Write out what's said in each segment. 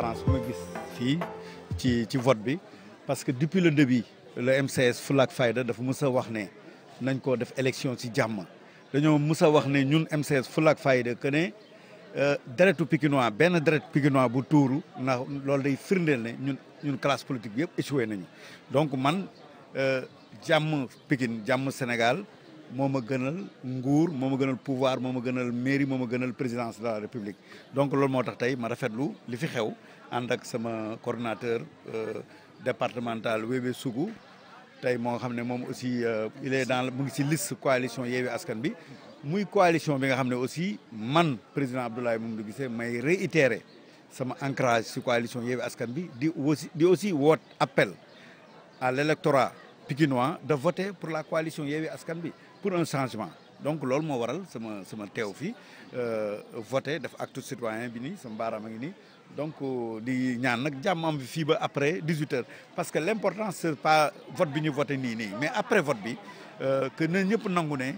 transparence bu gis fii ci ci vote bi parce que depuis le début le MCS Fulla ak Fayda dafa mës a wax ne nañ ko def élection ci jàmm dañoo mës a wax ne ñun MCS Fulla ak Fayda que ne euh, deretu Pikinois benn deretu Pikinois bu tuuru ndax loolu day firndeel ne ñun ñun classe politique bi yëpp échoué nañu donc man euh, jàmm Pikine jàmm Sénégal moo ma gënal nguur moo ma gënal pouvoir moo ma gënal mairie moo ma gënal présidence de la république donc loolu moo tax tey ma rafetlu li fi xew ànd ak sama coordonnateur euh, départemental Wébé Sougou tey moo xam ne moom aussi euh, il e dans mu ngi si liste coalition Yewwi Askan bi muy coalition bi nga xam ne aussi man président Abdoulaye Mamadou Guissé may réitérer sama encrage ci coalition Yewwi Askan bi di aussi di aussi woot appel à l'électorat pikinois de voter pour un changement donc loolu moo waral sama sama teew fii euh, voté def acte citoyen bi nii sama baaraam a ngi nii donc euh, di ñaan nag jàmm am fii ba après 18 heures parce que l' importance c' est vote bi ñuy voté nii nii mais après vote bi euh, que na ñëpp nangu ne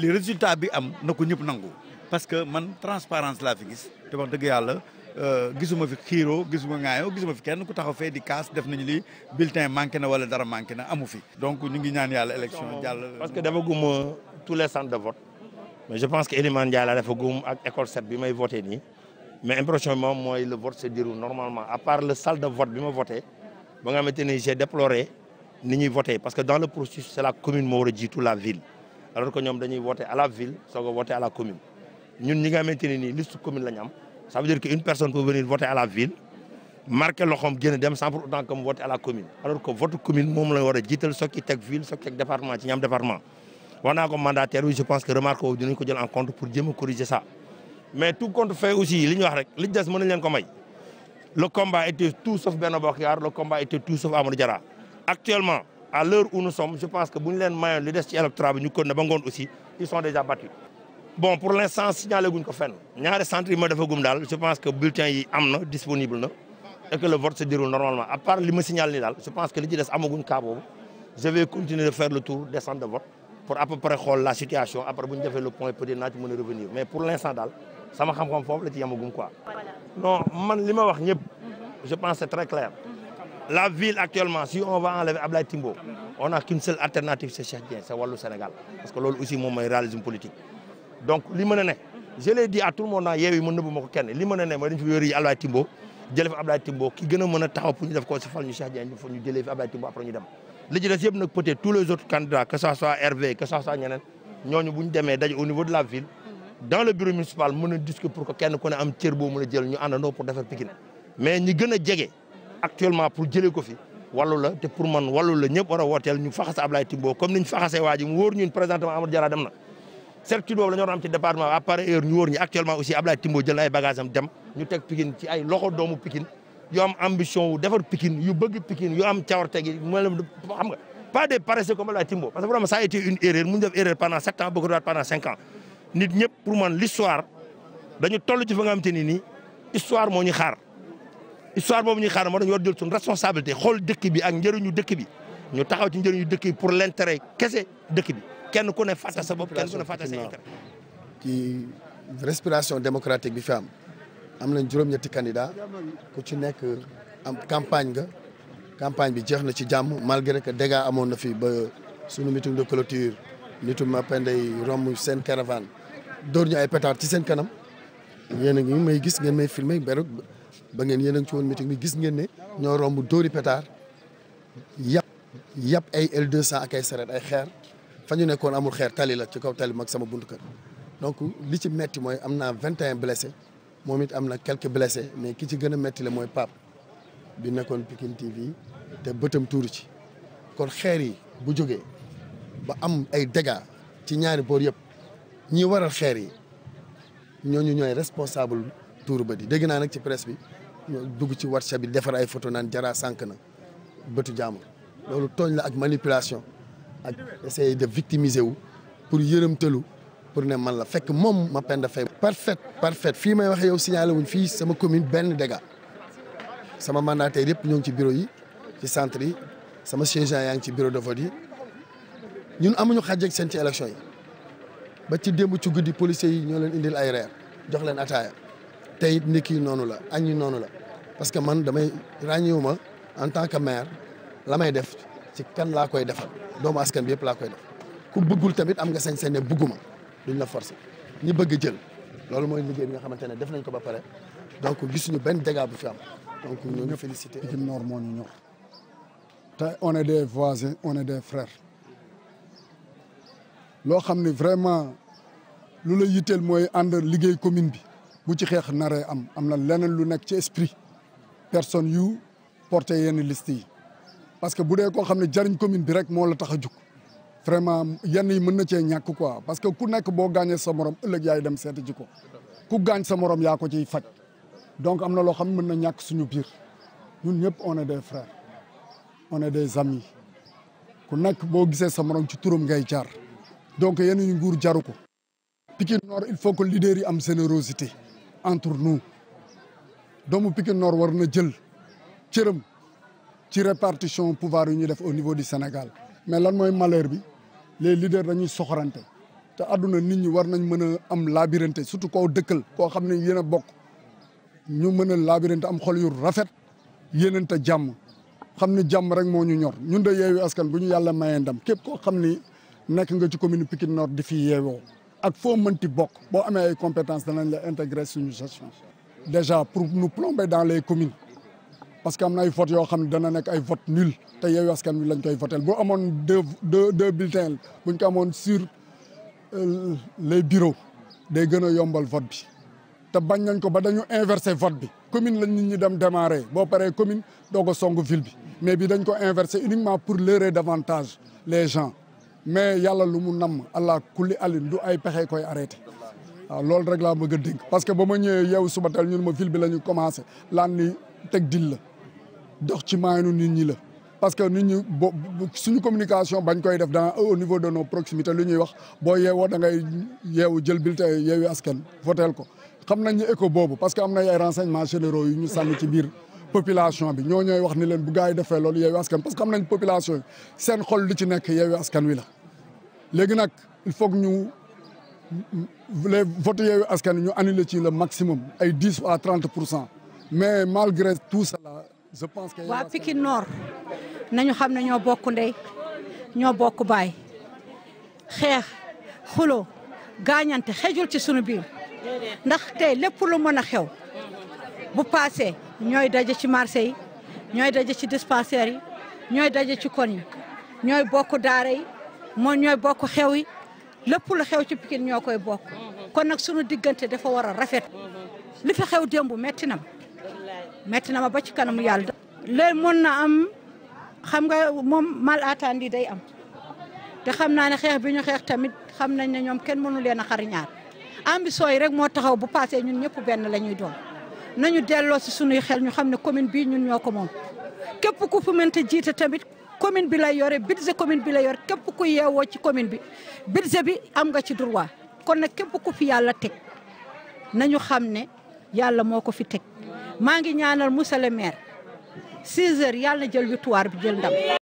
li résultat bi am na ko ñëpp nangu parce que man transparence laa fi gis te wax dëgg yàlla Euh, gisuma fi xiiroo gisuma ŋaayoo gisuma fi kenn ku taxaw fee di kaas def nañu lii bulletin manqué na wala dara manqué na amu fi. donc ñu ngi ñaan yàlla élection jàll. parce que dafa gum tous les centres de vote. mais je pense que Elimane Ndiaye dafa gum ak école set bi may voté nii. mais impression bi moom mooy le vote se déroule normalement à part le salle de vote bi ma voté ba nga xamante ni j'ai déploré ni ñuy voté parce que dans la commune moo a jiitu la ville alors que ñoom dañuy voté à la ville soog a voté à la commune nga xamante ne nii liste commune la am. ca veut dire qu'une personne peut venir voter à la ville, marquer loxoom génn dem sans pour autant que vote à la commune. alors que vote commune moom la war a jiital soog teg ville soog ci département ci ñam département. wax naa ko je pense que remarque boobu dinañ ko jël en compte pour jéem corriger ça. mais tout compte fait aussi li wax rek li des mën li des ci électorat ñu kon ba ngoon aussi ils sont déjà battus. bon pour l'instant signalé guñ ko fenn ñaari centre yi ma dafa gum daal je pense que bulletin yi am na disponible na et que le vote se déroule normalement à part li ma signalé ni daal je pense que li des amaguñ cas boobu je vais continuer de faire le tour des de vote pour à peu la situation après bu ñu defee le point peut-être naa a revenir mais pour l'instant daal sama xam-xam foofu la ci yamagum quoi non man li ma wax ñëpp je pense c'est très la ville actuellement si on va enlever Ablaye Timbo on n'a qu'une seule alternative c'est moom mooy réalisme politique donc li mën a ne je l'ai dit à tout le monde naa ah, yeewi ma nëbbu ma ko kenn li mën a ne mooy dañu fi wéeru yi Abdoulaye Timbo jëlee fi Abdoulaye Timbo ki gën a mën a taxaw pour ñu def ko si fal ñu Cheikh ñu fa fi Abdoulaye Timbo après ñu dem li ci des tous les autres candidats que ça soit Hervé que ça soit ñeneen ñooñu bu ñu demee daje au niveau de la ville mhm. dans le bureau municipal mën a discuter pour que kenn ku am cër boo mën a jël ñu àndandoo pour defar Pikine mais a jege actuellement a wooteel na certitude boobu la ñu war am ci département à part heure ñu wóor ñi actuellement aussi Ablaye jël na ay bagages dem ñu teg Pikine ci ay loxo doomu Pikine yu am ambition wu defar Pikine yu bëgg Pikine yu am cawarte gi pas des paresseux comme Ablaye Timbo parce que vraiment ça a été une erreur mu def erreur pendant sept ans bëgg doon pendant cinq ans nit ñëpp pour man l'histoire dañu toll ci fa nga xamante ni nii histoire moo ñu xaar histoire boobu ñuy xaar moo dañu war jël suñu responsabilité xool dëkk bi ak njëriñu dëkk bi ñu taxaw ci njëriñu dëkk bi pour l'intérêt kese dëkk bi kenn ku ne fàtte sa bopp kenn ku ne fàtte sa intérêt ci respiration démocratique bi fi am am nañ juróom-ñetti candidat ku ci nekk am campagne nga campagne bi jeex na ci jàmm malgré que dégâts amoon na fi ba sunu meeting de clôture nitu Mapenda yi romb seen caravane dóor ñu ay pétard ci seen kanam yéen a ngi may gis ngeen may filme berog ba ngeen yéen a ngi ci woon meeting bi gis ngeen ne ñoo romb dóori pétard yàpp yàpp ay L200 ak ay saret ay xeer fa ñu nekkoon amul xeer tali la ci kaw tali mag sama buntu kër donc li ci metti mooy am na vingt et un blessés moom it am na quelque blessés mais ki ci gën a metti mooy Pape bi nekkoon Pikine TV te bëtam tuuru ci kon xeer yi bu jógee ba am ay dégâts ci ñaari boor yëpp ñi a xeer yi ñu ñooy responsable tuuru bët di dégg naa nag ci presse bi dugg ci WhatsApp bi defar ay photo naan jara sànq na bëtu jaamur loolu tooñ la ak manipulation ak essayer de victimiser wu pour yërëmtalu pour ne man la fekk moom ma pen dafay parfait parfait fii may wax yow signalé fii sama commune benn dégât sama mandataire yëpp ñoo ngi ci bureau yi ci centre yi sama siégeant yaa ngi ci bureau de vote yi ñun amuñu xajeek seen ci élection yi ba ci démb ci guddi policiers yi ñoo leen indil ay reer jox leen ataaya tey it ndekki noonu la añ noonu la parce que man damay ràññewu ma en tant que maire la may def ci kan laa koy defal doomu askan bi yëpp laa koy def ku bëggul tamit am nga sañ-sañ ne bëgguma duñ la forcer ñi bëgg jël loolu mooy liggéey bi nga xamante ne def nañ ko ba pare donc gisuñu benn dégât bu fi am donc ñoo ñu félicité. Pikine Nord moo ñor te on est des voisins on est des frères loo xam ne vraiment lu la yitteel mooy ànd liggéey commune bi bu ci xeex naree am am na leneen lu nekk ci esprit personne yu porté yenn liste yi. parce que bu dee koo xam ne jariñ commune bi rek moo la tax a jug vraiment yenn yi mën na cee ñàkk quoi parce que ku nekk boo gaañee sa morom ëllëg yaay dem seeti ji ko ku gaañ sa moroom yaa ko ciy faj donc am na loo xam ne mën na ñàkk suñu biir ñun ñëpp on est des frères on est des amis ku nekk boo gisee sa moroom ci turam ngay jaar donc yenn ñu nguur jaru ko Pikine noor il faut que leader yi am générosité entre nous doomu Pikine noor war na jël cëram ci répartition pouvoir yu ñu def au niveau du Sénégal mais lan mooy malheur bi les leaders dañuy soxorante te àdduna nit ñi war nañ mën a am laabirante surtout koo dëkkal koo xam ne yéen bokk ñu mën a laabirante am xol yu rafet yéenante jàmm xam ne jàmm rek moo ñu ñor ñun de yeewu askan bu ñu yàlla mayee dam képp koo xam ni nekk nga ci commune Pikine Nord di fi yeewoo ak foo mënti bokk boo amee ay compétences danañ la intégrer suñu gestion déjà pour nous plomber dans les communes parce que am na ay vote yoo xam ne dana nekk ay vote nul te Yewwi Askan Wi lañ koy votel bu amoon deux deux deux bulletins buñ ko amoon sur euh, les bureaux day gën a yombal vote bi te bañ nañ ko ba dañu inversé vote bi commune lañ nit ñi dem démarrer boo pare commune doo ko songu ville bi mais bi dañ ko inversé uniquement pour leurrer davantage les gens mais yàlla lu mu namm allah kulli alin du ay pexe koy arrêté waaw loolu rek laa a parce que ba ma ñëwee yeewu suba teel ville bi la ñu commencé laan ni teg dil la dox ci maayanu nit ñi la parce que nit ñi bo suñu communication bañ koy def dans au niveau de nos proximités lu ñuy wax boo yeewoo da ngay yeewu jël bulletin yeewu askan voteel ko xam nañ ñu écho boobu parce que am na ay renseignements généraux yi ñu sànni ci biir population bi ñoo ñooy wax ni leen bu gars yi defee loolu yeewu askan parce que xam nañ population yi seen xol li ci nekk yeewu askan wi la léegi nag il faut ñu les votes yeewu askan ñu annulé ci le maximum ay dix à trente pour cent mais malgré tout cela je pense que waa Pikine noor nañu xam ne ñoo bokk ndey ñoo bokk baay xeex xulo gaañante xejul ci sunu biir ndax tey lépp lu mën a xew bu paasee ñooy daje ci marché yi ñooy daje ci dispensaire yi ñooy daje ci kon yi ñooy bokk daara moo ñooy bokk xew yi lépp lu xew ci Pikine ñoo koy bokk kon nag sunu diggante dafa war a rafet li xew démb metti nam metti na ma ba ci kanamu yàlla. léegi moon na am xam nga moom mal attendi day am te xam naa ne xeex bii ñu xeex tamit xam nañ ne ñoom kenn mënu leen a xar ñaar ambition yi rek moo taxaw bu paasee ñun ñëpp benn la ñuy doon nañu delloo si sunuy xel ñu xam ne commune bii ñun ñoo ko moom. képp ku fi mënta jiite tamit commune bi lay yore budget commune bi lay yore képp ku yeewoo ci commune bi budget bi am nga ci droit kon nag képp ku fi yàlla teg na nañu xam ne yàlla moo ko fi teg. maa ngi ñaanal monsieur le maire 16 heures yàlla jël victoire bi jël ndam.